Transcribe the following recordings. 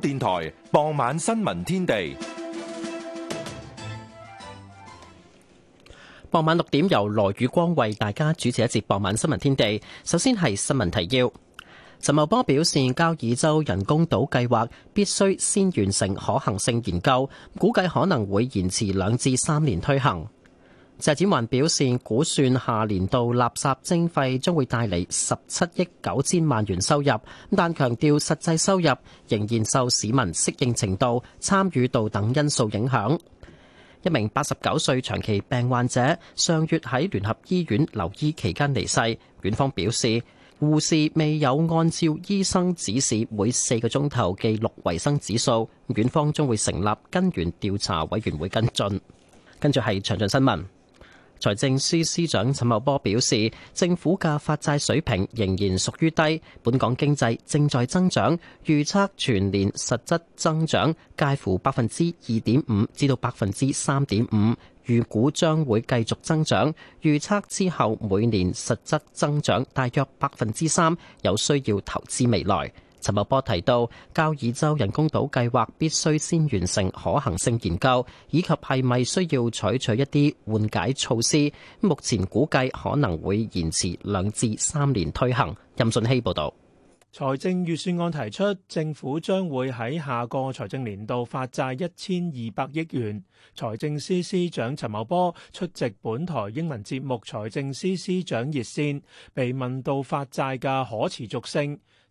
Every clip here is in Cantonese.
電台傍晚新聞天地。傍晚六點由羅宇光為大家主持一節傍晚新聞天地。首先係新聞提要。陳茂波表示，交椅洲人工島計劃必須先完成可行性研究，估計可能會延遲兩至三年推行。謝展寰表示，估算下年度垃圾徵費將會帶嚟十七億九千萬元收入，但強調實際收入仍然受市民適應程度、參與度等因素影響。一名八十九歲長期病患者上月喺聯合醫院留醫期間離世，院方表示，護士未有按照醫生指示每四個鐘頭記錄衛生指數，院方將會成立根源調查委員會跟進，跟住係詳盡新聞。財政司司長陳茂波表示，政府嘅發債水平仍然屬於低，本港經濟正在增長，預測全年實質增長介乎百分之二點五至到百分之三點五，預估將會繼續增長，預測之後每年實質增長大約百分之三，有需要投資未來。陳茂波提到，交椅洲人工島計劃必須先完成可行性研究，以及係咪需要採取，取一啲緩解措施。目前估計可能會延遲兩至三年推行。任俊希報道。財政預算案提出，政府將會喺下個財政年度發債一千二百億元。財政司司長陳茂波出席本台英文節目《財政司司長熱線》，被問到發債嘅可持續性。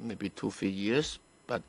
maybe two three years，but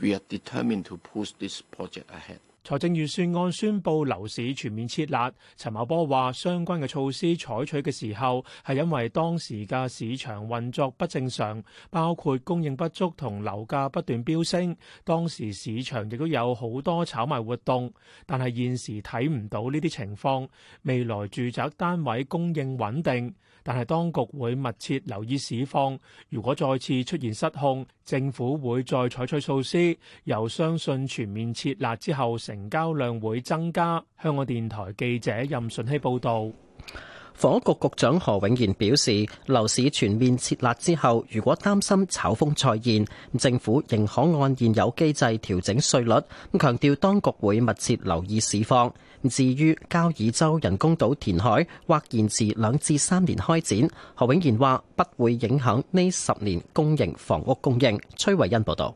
we are determined to push this project ahead。財政預算案宣布樓市全面撤辣。陳茂波話：相關嘅措施採取嘅時候，係因為當時嘅市場運作不正常，包括供應不足同樓價不斷飆升。當時市場亦都有好多炒賣活動，但係現時睇唔到呢啲情況。未來住宅單位供應穩定。但係，當局會密切留意市況，如果再次出現失控，政府會再採取措施。又相信全面撤辣之後，成交量會增加。香港電台記者任順希報導。房屋局局長何永賢表示，樓市全面設立之後，如果擔心炒風再現，政府仍可按現有機制調整稅率，咁強調當局會密切留意市況。至於交椅洲人工島填海或延遲至兩至三年開展，何永賢話不會影響呢十年公營房屋供應。崔偉恩報道。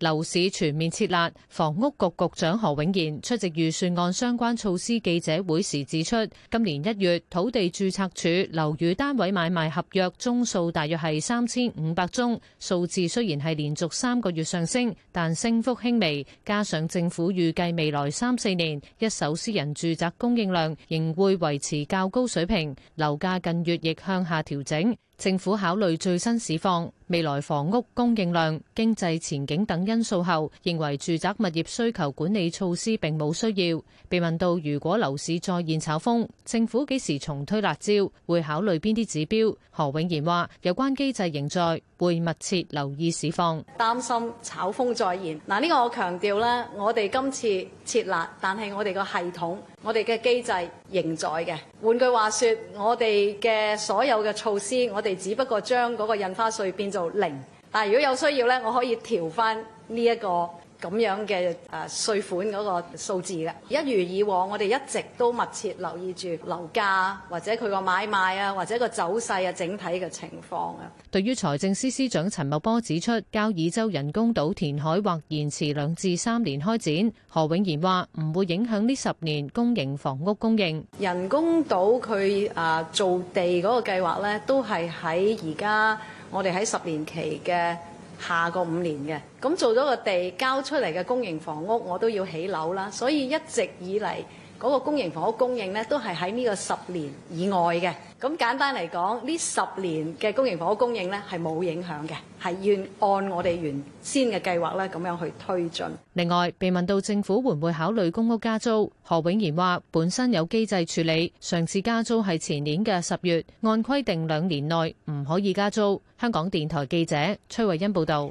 樓市全面設立，房屋局局長何永賢出席預算案相關措施記者會時指出，今年一月土地注冊處樓宇單位買賣合約宗數大約係三千五百宗，數字雖然係連續三個月上升，但升幅輕微。加上政府預計未來三四年一手私人住宅供應量仍會維持較高水平，樓價近月亦向下調整，政府考慮最新市況。未來房屋供應量、經濟前景等因素後，認為住宅物業需求管理措施並冇需要。被問到如果樓市再現炒風，政府幾時重推辣招，會考慮邊啲指標？何永賢話：有關機制仍在，會密切留意市況，擔心炒風再現。嗱，呢個我強調啦，我哋今次撤辣，但係我哋個系統。我哋嘅機制仍在嘅。換句話說，說我哋嘅所有嘅措施，我哋只不過將嗰個印花稅變做零。但係如果有需要咧，我可以調翻呢一個。咁樣嘅誒稅款嗰個數字嘅，一如以往，我哋一直都密切留意住樓價或者佢個買賣啊，或者個走勢啊，整體嘅情況啊。對於財政司司長陳茂波指出，交椅洲人工島填海或延遲兩至三年開展，何永賢話唔會影響呢十年公營房屋供應。人工島佢誒造地嗰個計劃咧，都係喺而家我哋喺十年期嘅。下個五年嘅，咁做咗個地交出嚟嘅公營房屋，我都要起樓啦，所以一直以嚟，嗰個公營房屋供應呢，都係喺呢個十年以外嘅。咁簡單嚟講，呢十年嘅公營房屋供應呢，係冇影響嘅，係要按我哋原先嘅計劃呢，咁樣去推進。另外，被問到政府會唔會考慮公屋加租，何永賢話本身有機制處理，上次加租係前年嘅十月，按規定兩年內唔可以加租。香港電台記者崔慧欣報道。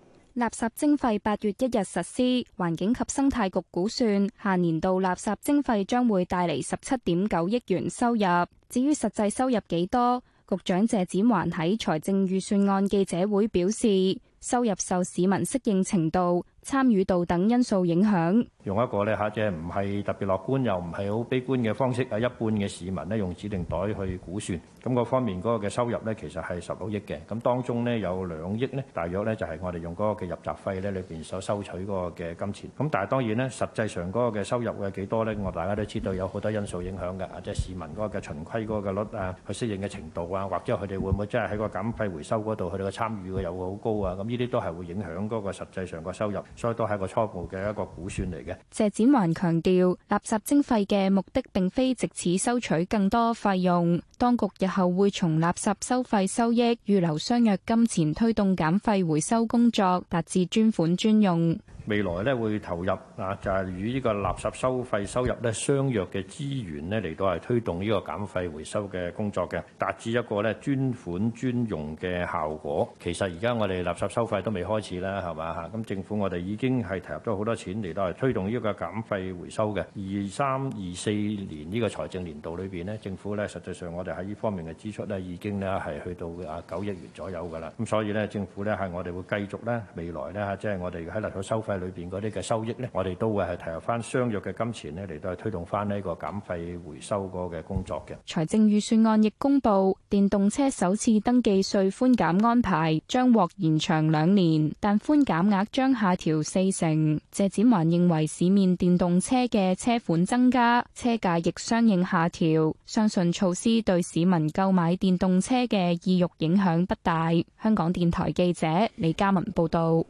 垃圾徵費八月一日實施，環境及生態局估算下年度垃圾徵費將會帶嚟十七點九億元收入。至於實際收入幾多，局長謝展環喺財政預算案記者會表示，收入受市民適應程度，參與度等因素影響，用一個咧嚇即係唔係特別樂觀又唔係好悲觀嘅方式，啊一般嘅市民呢，用指定袋去估算，咁嗰方面嗰個嘅收入呢，其實係十六億嘅，咁當中呢，有兩億呢，大約呢，就係我哋用嗰個嘅入閘費呢裏邊所收取嗰個嘅金錢，咁但係當然呢，實際上嗰個嘅收入會係幾多呢？我大家都知道有好多因素影響嘅，啊即係市民嗰個嘅循規嗰個率啊，佢適應嘅程度啊，或者佢哋會唔會真係喺個減費回收嗰度佢哋嘅參與嘅會有好高啊？咁呢啲都係會影響嗰個實際上個收入。所以都係一個初步嘅一個估算嚟嘅。謝展寰強調，垃圾徵費嘅目的並非直此收取更多費用，當局日後會從垃圾收費收益預留相約金錢，推動減費回收工作，達至專款專用。未來咧會投入啊，就係與呢個垃圾收費收入咧相約嘅資源咧，嚟到係推動呢個減廢回收嘅工作嘅，達至一個咧專款專用嘅效果。其實而家我哋垃圾收費都未開始啦，係嘛嚇？咁、啊、政府我哋已經係投入咗好多錢嚟到係推動呢個減廢回收嘅。二三二四年呢個財政年度裏邊咧，政府咧實際上我哋喺呢方面嘅支出咧已經咧係去到啊九億元左右㗎啦。咁、啊、所以咧，政府咧係我哋會繼續咧未來咧即係我哋喺垃圾收費。喺裏邊嗰啲嘅收益咧，我哋都會係投入翻相約嘅金錢咧嚟到推動翻呢個減費回收個嘅工作嘅。財政預算案亦公布，電動車首次登記稅寬減安排將獲延長兩年，但寬減額將下調四成。謝展寰認為市面電動車嘅車款增加，車價亦相應下調，相信措施對市民購買電動車嘅意欲影響不大。香港電台記者李嘉文報道。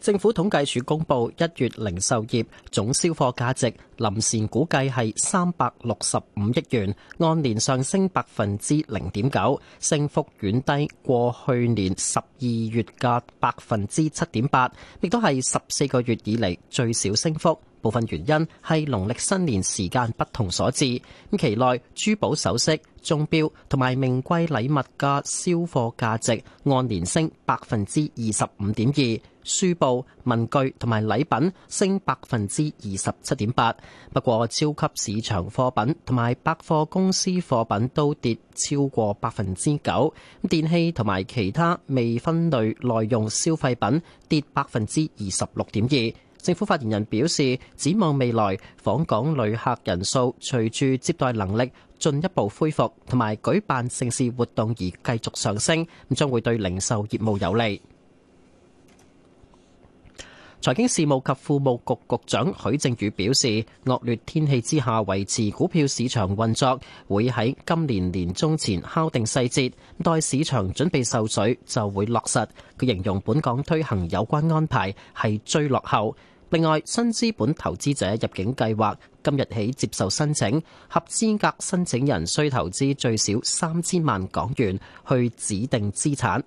政府統計處公布一月零售業總銷貨價值，臨時估計係三百六十五億元，按年上升百分之零點九，升幅遠低過去年十二月嘅百分之七點八，亦都係十四個月以嚟最少升幅。部分原因係農曆新年時間不同所致。咁期內珠寶首飾、鐘表同埋名貴禮物嘅銷貨價值按年升百分之二十五點二。書報、文具同埋禮品升百分之二十七點八，不過超級市場貨品同埋百貨公司貨品都跌超過百分之九。咁電器同埋其他未分類耐用消費品跌百分之二十六點二。政府發言人表示，展望未來訪港旅客人數隨住接待能力進一步恢復同埋舉辦盛事活動而繼續上升，咁將會對零售業務有利。財經事務及庫務局局長許正宇表示，惡劣天氣之下維持股票市場運作，會喺今年年中前敲定細節，待市場準備受水就會落實。佢形容本港推行有關安排係最落後。另外，新資本投資者入境計劃今日起接受申請，合資格申請人需投資最少三千萬港元去指定資產。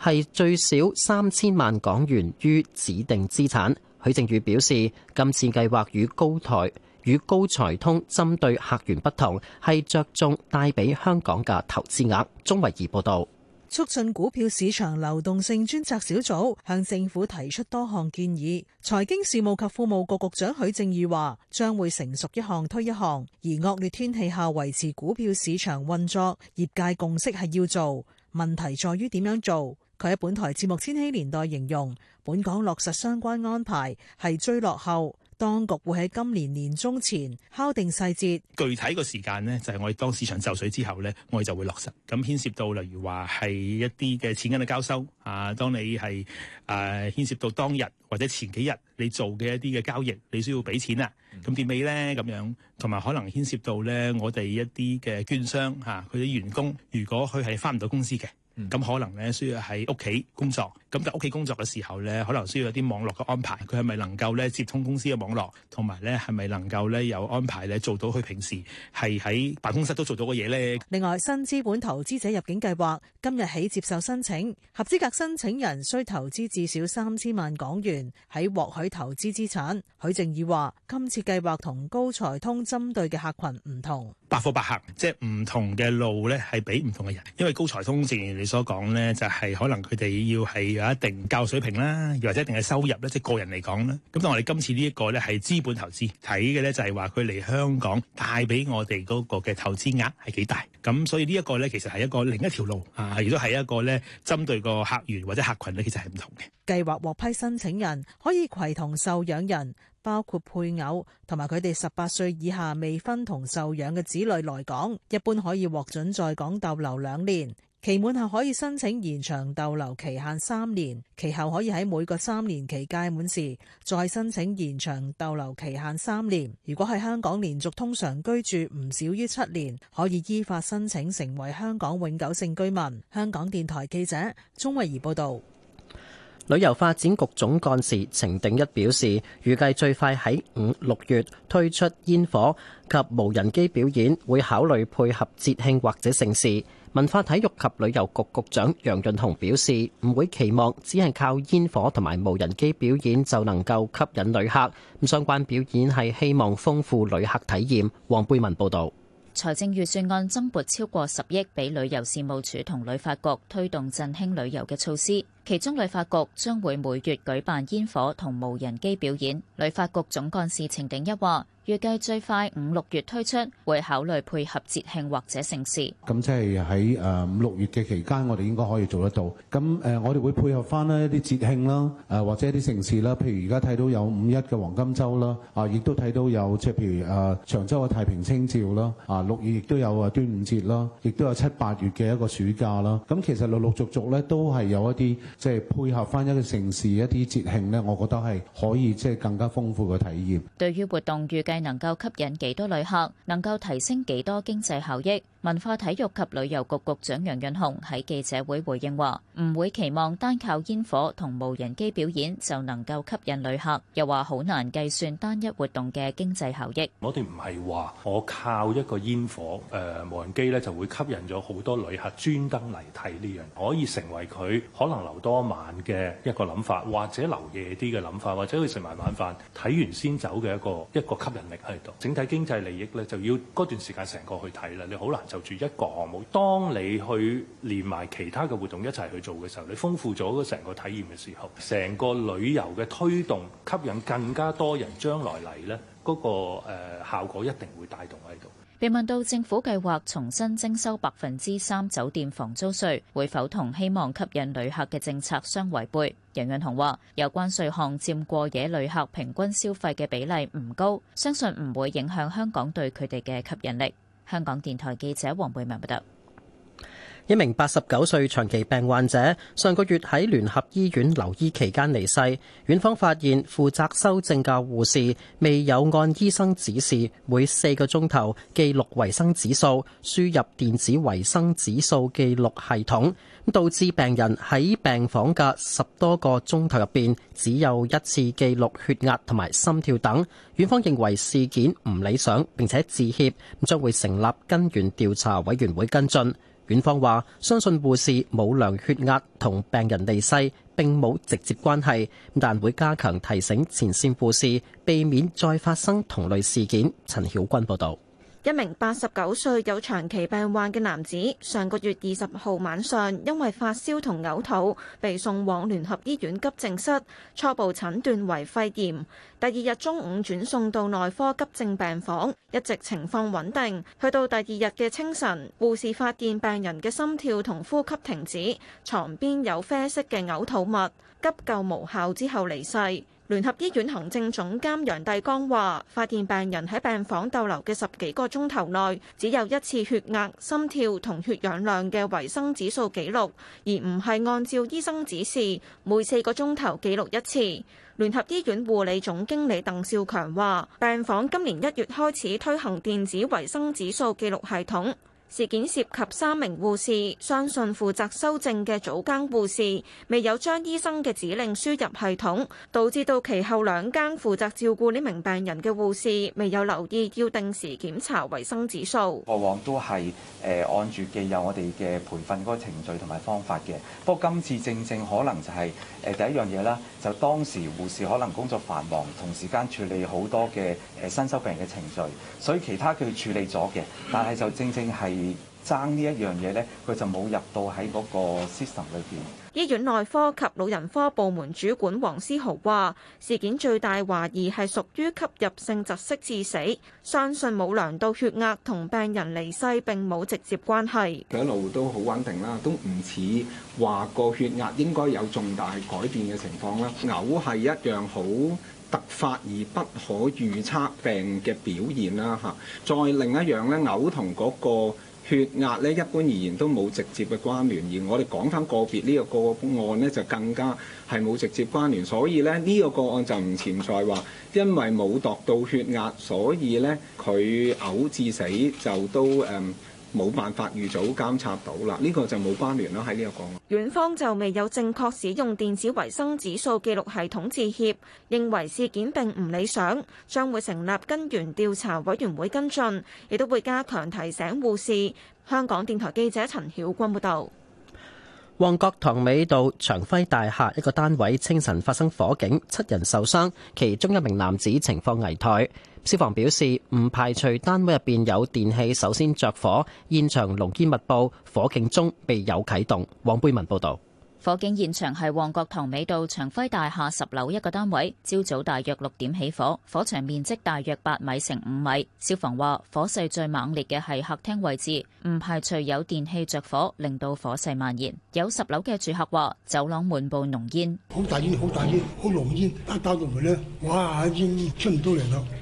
係最少三千萬港元於指定資產。許正宇表示，今次計劃與高台與高才通針對客源不同，係着重帶俾香港嘅投資額。鍾惠儀報導，促進股票市場流動性專責小組向政府提出多項建議。財經事務及庫務局局局長許正宇話：將會成熟一項推一項，而惡劣天氣下維持股票市場運作，業界共識係要做，問題在於點樣做。佢喺本台節目《千禧年代》形容，本港落實相關安排係最落後，當局會喺今年年中前敲定細節。具體個時間呢，就係、是、我哋當市場就緒之後呢，我哋就會落實，咁牽涉到例如話，係一啲嘅錢銀嘅交收啊，當你係誒、啊、牽涉到當日或者前幾日你做嘅一啲嘅交易，你需要俾錢啊，咁點尾咧，咁樣同埋可能牽涉到咧，我哋一啲嘅券商吓，佢啲員工，如果佢係翻唔到公司嘅。咁、嗯、可能咧需要喺屋企工作，咁就屋企工作嘅時候咧，可能需要有啲網絡嘅安排。佢係咪能夠咧接通公司嘅網絡，同埋咧係咪能夠咧有安排咧做到佢平時係喺辦公室都做到嘅嘢咧？另外，新資本投資者入境計劃今日起接受申請，合資格申請人需投資至少三千萬港元喺獲許投資資產。許正義話，今次計劃同高才通針對嘅客群唔同，百貨百客，即係唔同嘅路咧係俾唔同嘅人，因為高才通自然嚟。所講咧，就係可能佢哋要係有一定教育水平啦，又或者一定嘅收入咧，即係個人嚟講咧。咁，但係我哋今次呢一個咧，係資本投資睇嘅咧，就係話佢嚟香港帶俾我哋嗰個嘅投資額係幾大咁，所以呢一個咧，其實係一個另一條路啊，亦都係一個咧針對個客源或者客群咧，其實係唔同嘅計劃。獲批申請人可以攜同受養人，包括配偶同埋佢哋十八歲以下未婚同受養嘅子女來港，一般可以獲准在港逗留兩年。期滿後可以申請延長逗留期限三年，其後可以喺每個三年期屆滿時再申請延長逗留期限三年。如果喺香港連續通常居住唔少於七年，可以依法申請成為香港永久性居民。香港電台記者鍾慧儀報道。旅遊發展局總幹事程定一表示，預計最快喺五六月推出煙火及無人機表演，會考慮配合節慶或者盛事。文化體育及旅遊局局長楊潤雄表示，唔會期望只係靠煙火同埋無人機表演就能夠吸引旅客。咁相關表演係希望豐富旅客體驗。黃貝文報導，財政預算案增撥超過十億俾旅遊事務署同旅發局推動振興旅遊嘅措施。其中旅發局將會每月舉辦煙火同無人機表演。旅發局總幹事程鼎一話，預計最快五六月推出，會考慮配合節慶或者盛事。咁即係喺誒五六月嘅期間，我哋應該可以做得到。咁誒，我哋會配合翻咧一啲節慶啦，誒或者一啲盛事啦。譬如而家睇到有五一嘅黃金周啦，啊，亦都睇到有即係譬如誒長洲嘅太平清醮啦，啊六月亦都有誒端午節啦，亦都有七八月嘅一個暑假啦。咁其實陸陸續續咧都係有一啲。即係配合翻一個城市一啲節慶咧，我覺得係可以即係更加豐富嘅體驗。對於活動預計能夠吸引幾多旅客，能夠提升幾多經濟效益？文化體育及旅遊局局長楊潤雄喺記者會回應話唔會期望單靠煙火同無人機表演就能夠吸引旅客，又話好難計算單一活動嘅經濟效益。我哋唔係話我靠一個煙火誒、呃、無人機咧就會吸引咗好多旅客專登嚟睇呢樣可以成為佢可能留多晚嘅一個諗法，或者留夜啲嘅諗法，或者去食埋晚飯睇完先走嘅一個一個吸引力喺度。整體經濟利益咧就要嗰段時間成個去睇啦，你好難就。住一個項目，當你去連埋其他嘅活動一齊去做嘅時候，你豐富咗個成個體驗嘅時候，成個旅遊嘅推動吸引更加多人將來嚟咧，嗰個誒效果一定會帶動喺度。被問到政府計劃重新徵收百分之三酒店房租稅，會否同希望吸引旅客嘅政策相違背？楊潤雄話有關稅項佔過夜旅客平均消費嘅比例唔高，相信唔會影響香港對佢哋嘅吸引力。香港電台記者黃慧文報道：一名八十九歲長期病患者上個月喺聯合醫院留醫期間離世，院方發現負責修正嘅護士未有按醫生指示每四個鐘頭記錄維生指數，輸入電子維生指數記錄系統。導致病人喺病房嘅十多個鐘頭入邊只有一次記錄血壓同埋心跳等，院方認為事件唔理想並且致歉，將會成立根源調查委員會跟進。院方話相信護士冇量血壓同病人離世並冇直接關係，但會加強提醒前線護士避免再發生同類事件。陳曉君報導。一名八十九歲有長期病患嘅男子，上個月二十號晚上因為發燒同嘔吐，被送往聯合醫院急症室，初步診斷為肺炎。第二日中午轉送到內科急症病房，一直情況穩定。去到第二日嘅清晨，護士發現病人嘅心跳同呼吸停止，床邊有啡色嘅嘔吐物，急救無效之後離世。聯合醫院行政總監楊大江話發現病人喺病房逗留嘅十幾個鐘頭內，只有一次血壓、心跳同血氧量嘅維生指數記錄，而唔係按照醫生指示，每四個鐘頭記錄一次。聯合醫院護理總經理鄧少強話：病房今年一月開始推行電子維生指數記錄系統。事件涉及三名護士，相信負責修正嘅早更護士未有將醫生嘅指令輸入系統，導致到其後兩間負責照顧呢名病人嘅護士未有留意要定時檢查衛生指數，過往都係誒，按住既有我哋嘅培訓嗰個程序同埋方法嘅，不過今次正正可能就係、是。誒第一樣嘢啦，就當時護士可能工作繁忙，同時間處理好多嘅誒新收病人嘅程序，所以其他佢處理咗嘅，但係就正正係爭呢一樣嘢咧，佢就冇入到喺嗰個 system 裏邊。醫院內科及老人科部門主管黃思豪話：事件最大懷疑係屬於吸入性窒息致死，相信冇量到血壓同病人離世並冇直接關係。一路都好穩定啦，都唔似話個血壓應該有重大改變嘅情況啦。嘔係一樣好突發而不可預測病嘅表現啦，吓。再另一樣咧，嘔同嗰個。血壓咧一般而言都冇直接嘅關聯，而我哋講翻個別呢個個案咧就更加係冇直接關聯，所以咧呢個個案就唔存在話，因為冇度到血壓，所以咧佢嘔致死就都誒。嗯冇辦法預早監察到啦，呢個就冇關聯啦。喺呢個講，院方就未有正確使用電子衞生指數記錄系統，致歉，認為事件並唔理想，將會成立根源調查委員會跟進，亦都會加強提醒護士。香港電台記者陳曉君報道。旺角塘尾道長輝大廈一個單位清晨發生火警，七人受傷，其中一名男子情況危殆。消防表示唔排除單位入邊有電器首先着火，現場濃煙密布，火警鐘未有啟動。黃貝文報道，火警現場係旺角塘尾道長輝大廈十樓一個單位，朝早大約六點起火，火場面積大約八米乘五米。消防話火勢最猛烈嘅係客廳位置，唔排除有電器着火令到火勢蔓延。有十樓嘅住客話走廊滿布濃煙，好大煙，好大煙，好濃煙，一打開門咧，哇煙出唔到嚟啦～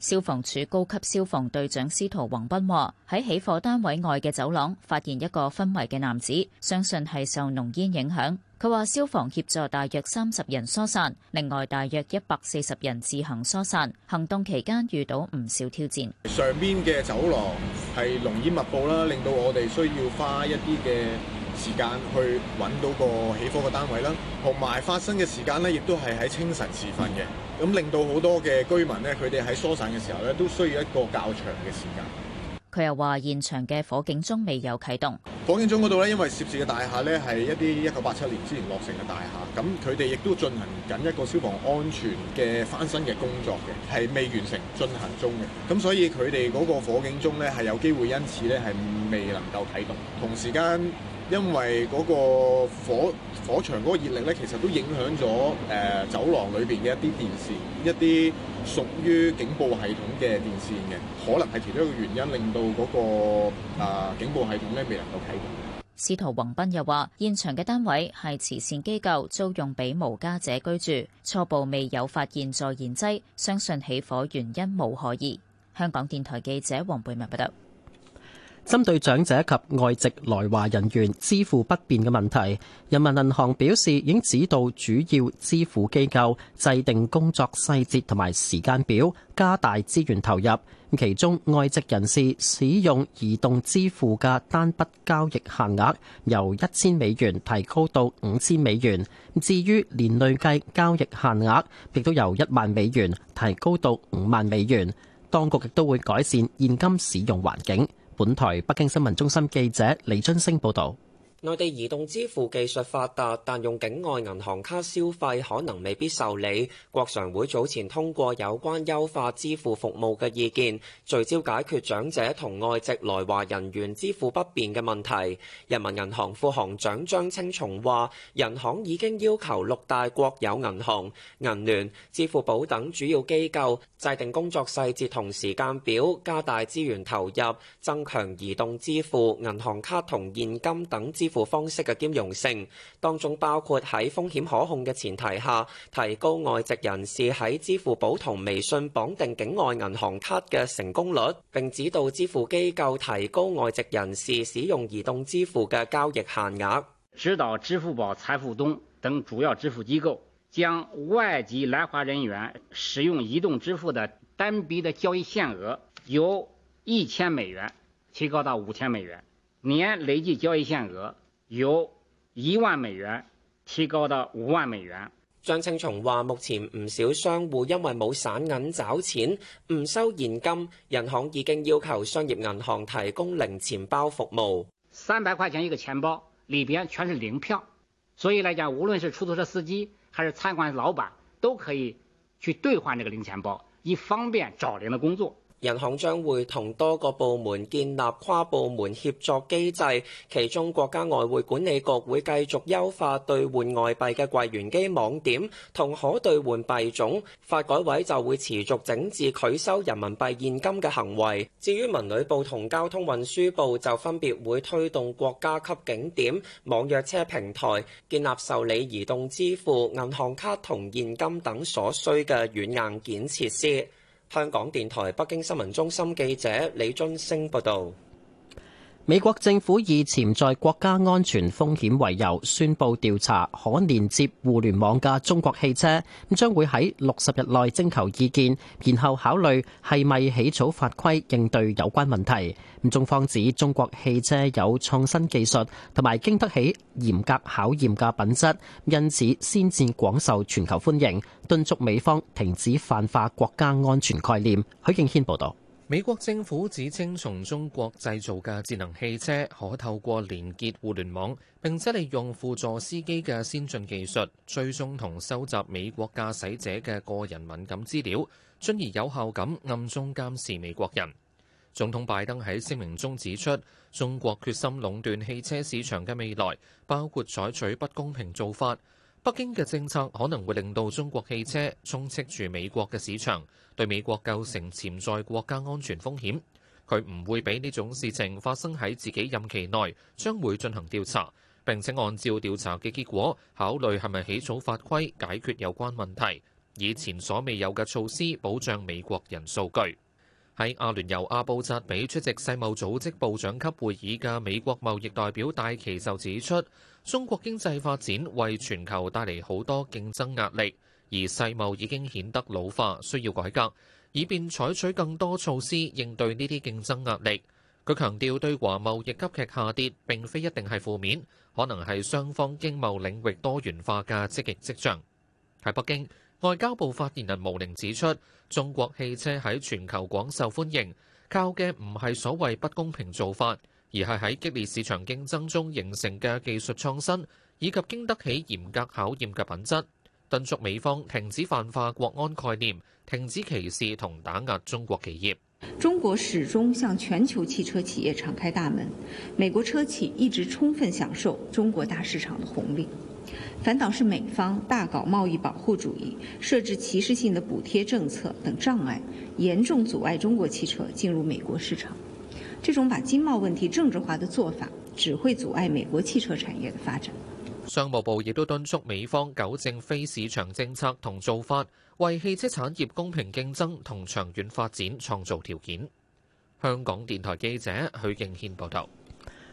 消防處高級消防隊長司徒宏斌話：喺起火單位外嘅走廊，發現一個昏迷嘅男子，相信係受濃煙影響。佢話：消防協助大約三十人疏散，另外大約一百四十人自行疏散。行動期間遇到唔少挑戰。上邊嘅走廊係濃煙密布啦，令到我哋需要花一啲嘅時間去揾到個起火嘅單位啦，同埋發生嘅時間呢，亦都係喺清晨時分嘅。咁令到好多嘅居民呢，佢哋喺疏散嘅時候呢，都需要一個較長嘅時間。佢又話：現場嘅火警鐘未有啟動，火警鐘嗰度呢，因為涉事嘅大廈呢，係一啲一九八七年之前落成嘅大廈，咁佢哋亦都進行緊一個消防安全嘅翻新嘅工作嘅，係未完成進行中嘅。咁所以佢哋嗰個火警鐘呢，係有機會因此呢，係未能夠啟動。同時間。因為嗰個火火場嗰個熱力咧，其實都影響咗誒走廊裏邊嘅一啲電線，一啲屬於警報系統嘅電線嘅，可能係其中一個原因，令到嗰個啊警報系統咧未能夠啟動。司徒宏斌又話：現場嘅單位係慈善機構租用俾無家者居住，初步未有發現助燃劑，相信起火原因無可疑。香港電台記者黃貝明報道。針對長者及外籍來華人員支付不便嘅問題，人民銀行表示已經指導主要支付機構制定工作細節同埋時間表，加大資源投入。其中，外籍人士使用移動支付嘅單筆交易限額由一千美元提高到五千美元。至於年累計交易限額，亦都由一萬美元提高到五萬美元。當局亦都會改善現金使用環境。本台北京新聞中心記者李津星報道。內地移動支付技術發達，但用境外銀行卡消費可能未必受理。國常會早前通過有關優化支付服務嘅意見，聚焦解決長者同外籍來華人員支付不便嘅問題。人民銀行副行長張青松話，銀行已經要求六大國有銀行、銀聯、支付寶等主要機構制定工作細節同時間表，加大資源投入，增強移動支付、銀行卡同現金等支。支付方式嘅兼容性，當中包括喺風險可控嘅前提下，提高外籍人士喺支付寶同微信綁定境外銀行卡嘅成功率，並指導支付機構提高外籍人士使用移動支付嘅交易限額。指導支付寶、財付通等主要支付機構，將外籍來華人員使用移動支付嘅單筆嘅交易限額由一千美元提高到五千美元。年累計交易限額由一萬美元提高到五萬美元。張青松話：目前唔少商戶因為冇散銀找錢，唔收現金，銀行已經要求商業銀行提供零錢包服務。三百塊錢一個錢包，裏邊全是零票，所以嚟講，無論是出租車司機還是餐館老闆，都可以去兌換這個零錢包，以方便找零的工作。人行將會同多個部門建立跨部門協作機制，其中國家外匯管理局會繼續優化兌換外幣嘅櫃員機網點同可兌換幣種。發改委就會持續整治拒收人民幣現金嘅行為。至於文旅部同交通運輸部就分別會推動國家級景點網約車平台建立受理移動支付、銀行卡同現金等所需嘅軟硬件設施。香港電台北京新聞中心記者李津升報道。美國政府以潛在國家安全風險為由，宣布調查可連接互聯網嘅中國汽車，咁將會喺六十日內徵求意見，然後考慮係咪起草法規應對有關問題。咁中方指中國汽車有創新技術同埋經得起嚴格考驗嘅品質，因此先至廣受全球歡迎，敦促美方停止泛化國家安全概念。許敬軒報導。美國政府指稱，從中國製造嘅智能汽車可透過連結互聯網，並且利用輔助司機嘅先進技術，追蹤同收集美國駕駛者嘅個人敏感資料，進而有效咁暗中監視美國人。總統拜登喺聲明中指出，中國決心壟斷汽車市場嘅未來，包括採取不公平做法。北京嘅政策可能會令到中國汽車充斥住美國嘅市場，對美國構成潛在國家安全風險。佢唔會俾呢種事情發生喺自己任期內，將會進行調查，並且按照調查嘅結果考慮係咪起草法規解決有關問題，以前所未有嘅措施保障美國人數據。喺阿聯酋阿布扎比出席世貿組織部長級會議嘅美國貿易代表戴奇就指出。中國經濟發展為全球帶嚟好多競爭壓力，而世貿已經顯得老化，需要改革，以便採取更多措施應對呢啲競爭壓力。佢強調對華貿易急劇下跌並非一定係負面，可能係雙方經貿領域多元化嘅積極跡象。喺北京外交部發言人毛寧指出，中國汽車喺全球廣受歡迎，靠嘅唔係所謂不公平做法而係喺激烈市場競爭中形成嘅技術創新，以及經得起嚴格考驗嘅品質，敦促美方停止泛化國安概念，停止歧視同打壓中國企業。中國始終向全球汽車企業敞開大門，美國車企一直充分享受中國大市場的紅利。反倒是美方大搞貿易保護主義，設置歧視性的補貼政策等障礙，嚴重阻礙中國汽車進入美國市場。這種把經貿問題政治化的做法，只會阻礙美國汽車產業的發展。商務部亦都敦促美方糾正非市場政策同做法，為汽車產業公平競爭同長遠發展創造條件。香港電台記者許敬軒報道。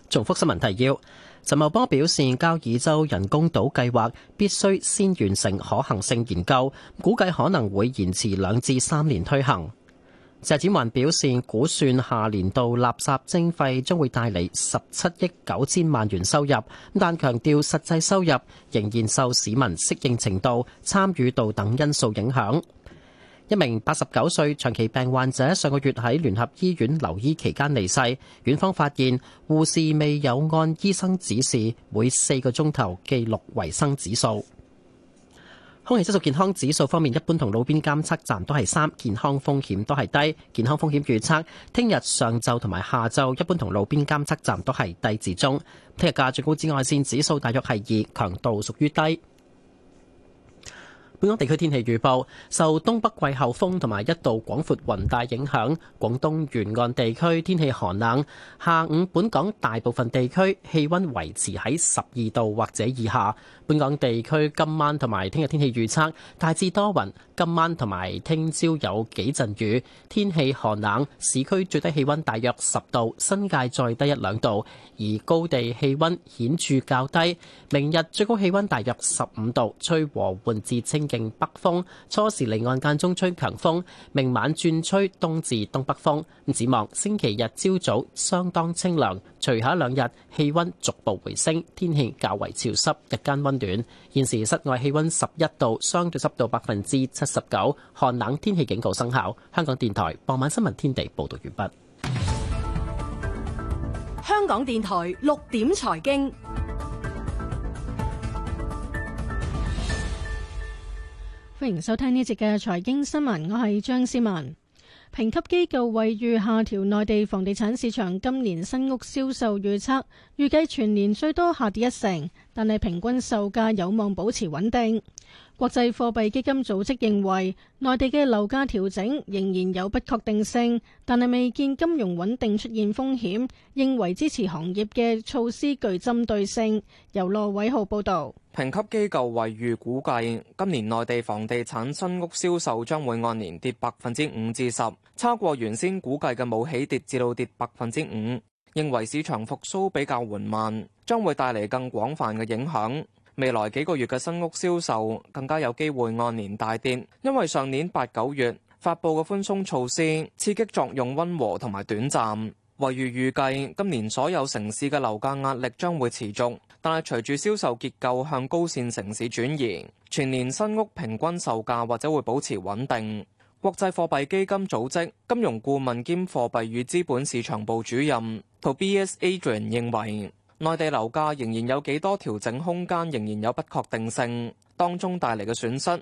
重複新聞提要：陳茂波表示，交椅洲人工島計劃必須先完成可行性研究，估計可能會延遲兩至三年推行。謝展寰表示，估算下年度垃圾徵費將會帶嚟十七億九千萬元收入，但強調實際收入仍然受市民適應程度、參與度等因素影響。一名八十九歲長期病患者上個月喺聯合醫院留醫期間離世，院方發現護士未有按醫生指示每四個鐘頭記錄維生指數。空氣質素健康指數方面，一般同路邊監測站都係三，健康風險都係低。健康風險預測，聽日上晝同埋下晝，一般同路邊監測站都係低至中。聽日嘅最高紫外線指數大約係二，強度屬於低。本港地區天氣預報，受東北季候風同埋一道廣闊雲帶影響，廣東沿岸地區天氣寒冷。下午，本港大部分地區氣温維持喺十二度或者以下。本港地區今晚同埋聽日天氣預測，大致多雲，今晚同埋聽朝有幾陣雨，天氣寒冷，市區最低氣温大約十度，新界再低一兩度，而高地氣温顯著較低。明日最高氣温大約十五度，吹和緩至清勁北風，初時離岸間中吹強風，明晚轉吹東至東北風。咁展望星期日朝早相當清涼，隨後兩日氣温逐步回升，天氣較為潮濕，日間温。短。現時室外氣温十一度，相對濕度百分之七十九，寒冷天氣警告生效。香港電台傍晚新聞天地報道完畢。香港電台六點財經，歡迎收聽呢節嘅財經新聞，我係張思文。評級機構惠譽下調內地房地產市場今年新屋銷售預測，預計全年最多下跌一成，但係平均售價有望保持穩定。國際貨幣基金組織認為，內地嘅樓價調整仍然有不確定性，但係未見金融穩定出現風險。認為支持行業嘅措施具針對性。由羅偉浩報道，評級機構惠譽估計，今年內地房地產新屋銷售將會按年跌百分之五至十，超過原先估計嘅冇起跌，至到跌百分之五。認為市場復蘇比較緩慢，將會帶嚟更廣泛嘅影響。未來幾個月嘅新屋銷售更加有機會按年大跌，因為上年八九月發布嘅寬鬆措施刺激作用溫和同埋短暫。惠譽預計今年所有城市嘅樓價壓力將會持續，但係隨住銷售結構向高線城市轉移，全年新屋平均售價或者會保持穩定。國際貨幣基金組織金融顧問兼貨幣與資本市場部主任 Tobias Adrian 認為。內地樓價仍然有幾多調整空間，仍然有不確定性，當中帶嚟嘅損失。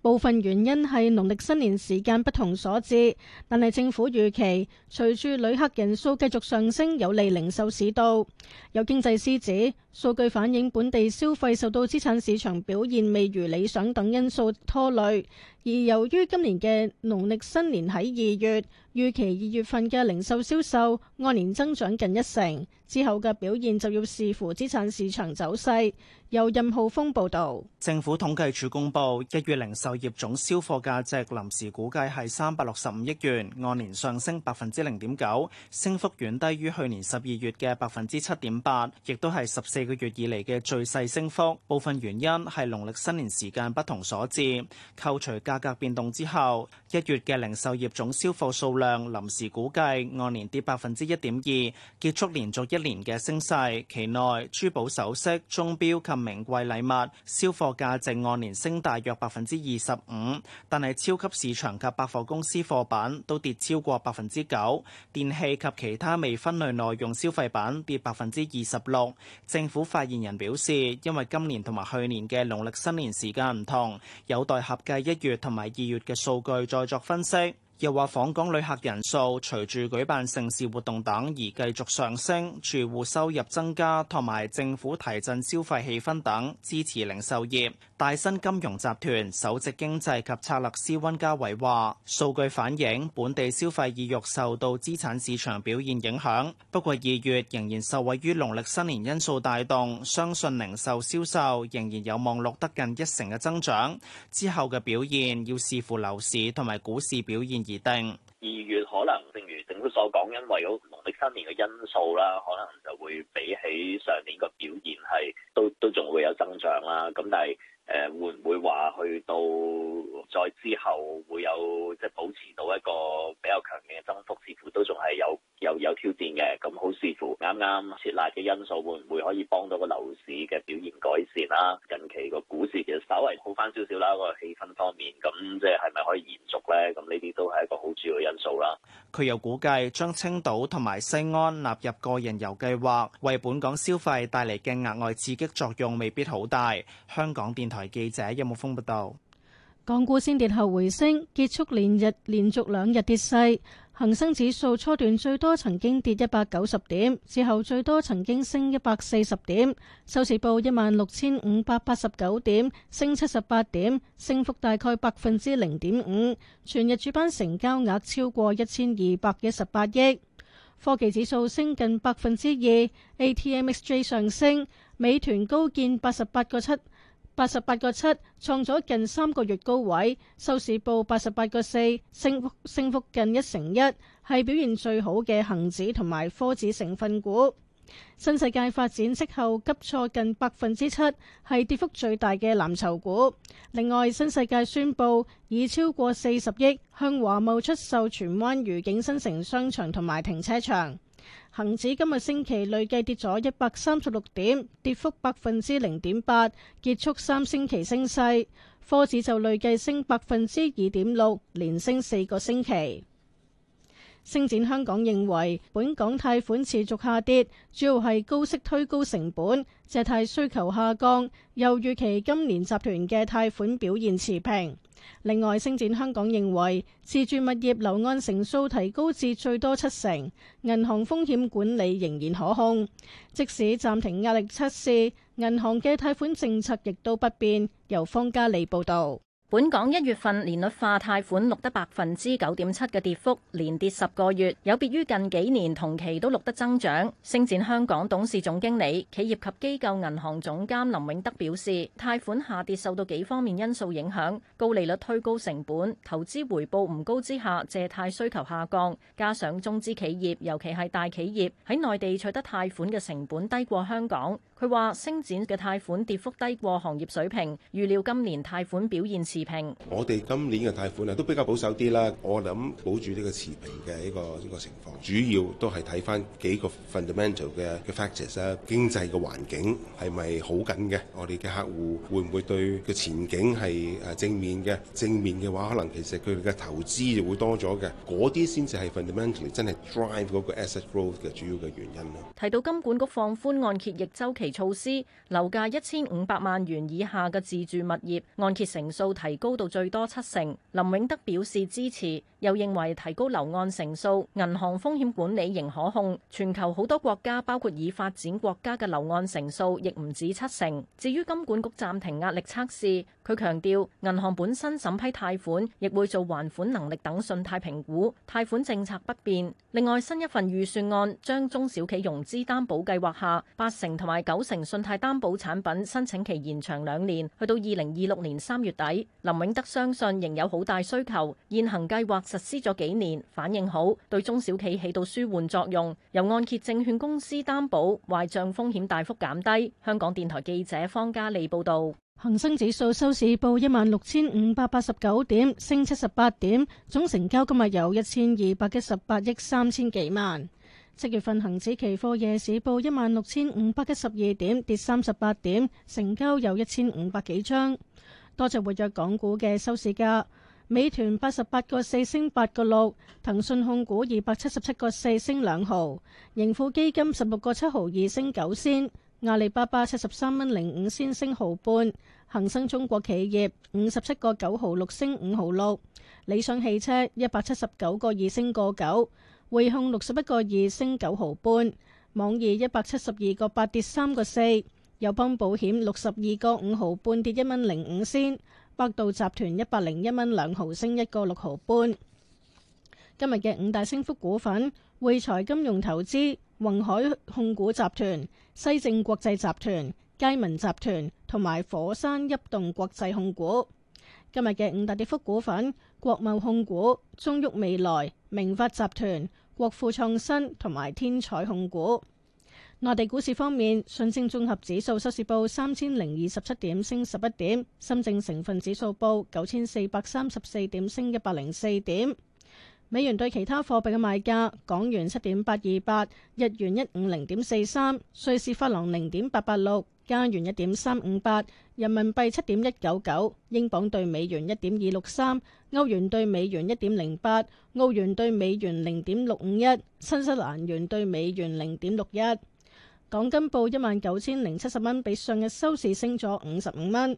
部分原因係農曆新年時間不同所致，但係政府預期隨住旅客人數繼續上升，有利零售市道。有經濟師指，數據反映本地消費受到資產市場表現未如理想等因素拖累。而由於今年嘅農曆新年喺二月，預期二月份嘅零售銷售按年增長近一成，之後嘅表現就要視乎資產市場走勢。由任浩峰報道，政府統計處公布一月零零售業總銷貨價值臨時估計係三百六十五億元，按年上升百分之零點九，升幅遠低於去年十二月嘅百分之七點八，亦都係十四個月以嚟嘅最細升幅。部分原因係農曆新年時間不同所致。扣除價格變動之後，一月嘅零售業總銷貨數量臨時估計按年跌百分之一點二，結束連續一年嘅升勢。期內珠寶首飾、鐘錶及名貴禮物銷貨價值按年升大約百分之二。十五，但係超級市場及百貨公司貨品都跌超過百分之九，電器及其他未分類耐用消費品跌百分之二十六。政府發言人表示，因為今年同埋去年嘅農曆新年時間唔同，有待合計一月同埋二月嘅數據再作分析。又話訪港旅客人數隨住舉辦盛事活動等而繼續上升，住戶收入增加同埋政府提振消費氣氛等支持零售業。大新金融集團首席經濟及策略師温家偉話：數據反映本地消費意欲受到資產市場表現影響，不過二月仍然受惠於農曆新年因素帶動，相信零售銷售仍然有望錄得近一成嘅增長。之後嘅表現要視乎樓市同埋股市表現。而定二月可能，正如政府所講，因為農曆新年嘅因素啦，可能就會比起上年個表現係都都仲會有增長啦。咁但係誒、呃、會唔會話去到再之後會有即係保持到一個比較強勁嘅增幅，似乎都仲係有。有有挑戰嘅，咁好視乎啱啱設立嘅因素會唔會可以幫到個樓市嘅表現改善啦。近期個股市其實稍為好翻少少啦，個氣氛方面，咁即係係咪可以延續咧？咁呢啲都係一個好主要因素啦。佢又估計將青島同埋西安納入個人遊計劃，為本港消費帶嚟嘅額外刺激作用未必好大。香港電台記者任木峯報道，港股先跌後回升，結束連日連續兩日跌勢。恒生指數初段最多曾經跌一百九十點，之後最多曾經升一百四十點，收市報一萬六千五百八十九點，升七十八點，升幅大概百分之零點五。全日主板成交額超過一千二百一十八億。科技指數升近百分之二，ATMXJ 上升，美團高見八十八個七。八十八個七創咗近三個月高位，收市報八十八個四，升幅升幅近一成一，係表現最好嘅恒指同埋科指成分股。新世界發展息後急挫近百分之七，係跌幅最大嘅藍籌股。另外，新世界宣布以超過四十億向華懋出售荃灣愉景新城商場同埋停車場。恒指今日星期累計跌咗一百三十六點，跌幅百分之零點八，結束三星期升勢。科指就累計升百分之二點六，連升四個星期。星展香港認為本港貸款持續下跌，主要係高息推高成本、借貸需求下降，又預期今年集團嘅貸款表現持平。另外，星展香港認為自住物業樓按成數提高至最多七成，銀行風險管理仍然可控。即使暫停壓力測試，銀行嘅貸款政策亦都不變。由方嘉利報道。本港一月份年率化貸款錄得百分之九點七嘅跌幅，連跌十個月，有別於近幾年同期都錄得增長。星展香港董事總經理、企業及機構銀行總監林永德表示，貸款下跌受到幾方面因素影響，高利率推高成本，投資回報唔高之下，借貸需求下降，加上中資企業，尤其係大企業喺內地取得貸款嘅成本低過香港。佢話星展嘅貸款跌幅低過行業水平，預料今年貸款表現持平。我哋今年嘅貸款啊，都比較保守啲啦。我諗保住呢個持平嘅一個呢個情況，主要都係睇翻幾個 fundamental 嘅嘅 factors 啊，經濟嘅環境係咪好緊嘅？我哋嘅客戶會唔會對個前景係誒正面嘅？正面嘅話可能其實佢哋嘅投資就會多咗嘅。啲先至係 fundamentally 真係 drive 嗰個 asset growth 嘅主要嘅原因咯。提到金管局放寬按揭逆周期措施樓價一千五百萬元以下嘅自住物業按揭成數提高到最多七成，林永德表示支持。又認為提高樓按成數，銀行風險管理仍可控。全球好多國家，包括已發展國家嘅樓按成數，亦唔止七成。至於金管局暫停壓力測試，佢強調銀行本身審批貸款，亦會做還款能力等信貸評估，貸款政策不變。另外，新一份預算案將中小企融資擔保計劃下八成同埋九成信貸擔保產品申請期延長兩年，去到二零二六年三月底。林永德相信仍有好大需求，現行計劃，實施咗幾年，反應好，對中小企起到舒緩作用。由按揭證券公司擔保，壞賬風險大幅減低。香港電台記者方嘉利報道。恒生指數收市報一萬六千五百八十九點，升七十八點，總成交今日有一千二百一十八億三千幾萬。七月份恒指期貨夜市報一萬六千五百一十二點，跌三十八點，成交有一千五百幾張。多謝活躍港股嘅收市價。美團八十八個四升八個六，騰訊控股二百七十七個四升兩毫，盈富基金十六個七毫二升九仙，阿里巴巴七十三蚊零五仙升毫半，恒生中國企業五十七個九毫六升五毫六，理想汽車一百七十九個二升個九，匯控六十一個二升九毫半，網易一百七十二個八跌三個四，友邦保險六十二個五毫半跌一蚊零五仙。百度集團一百零一蚊兩毫升一個六毫半。今日嘅五大升幅股份：匯財金融投資、宏海控股集團、西證國際集團、佳文集團同埋火山泣動國際控股。今日嘅五大跌幅股份：國貿控股、中旭未來、明發集團、國富創新同埋天彩控股。內地股市方面，上證綜合指數收市報三千零二十七點，升十一點；深證成分指數報九千四百三十四點，升一百零四點。美元對其他貨幣嘅賣價：港元七點八二八，日元一五零點四三，瑞士法郎零點八八六，加元一點三五八，人民幣七點一九九，英鎊對美元一點二六三，歐元對美元一點零八，澳元對美元零點六五一，新西蘭元對美元零點六一。港金報一萬九千零七十蚊，比上日收市升咗五十五蚊。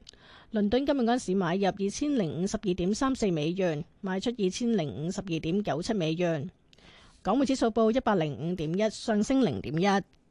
倫敦今日嗰陣時買入二千零五十二點三四美元，賣出二千零五十二點九七美元。港匯指數報一百零五點一，上升零點一。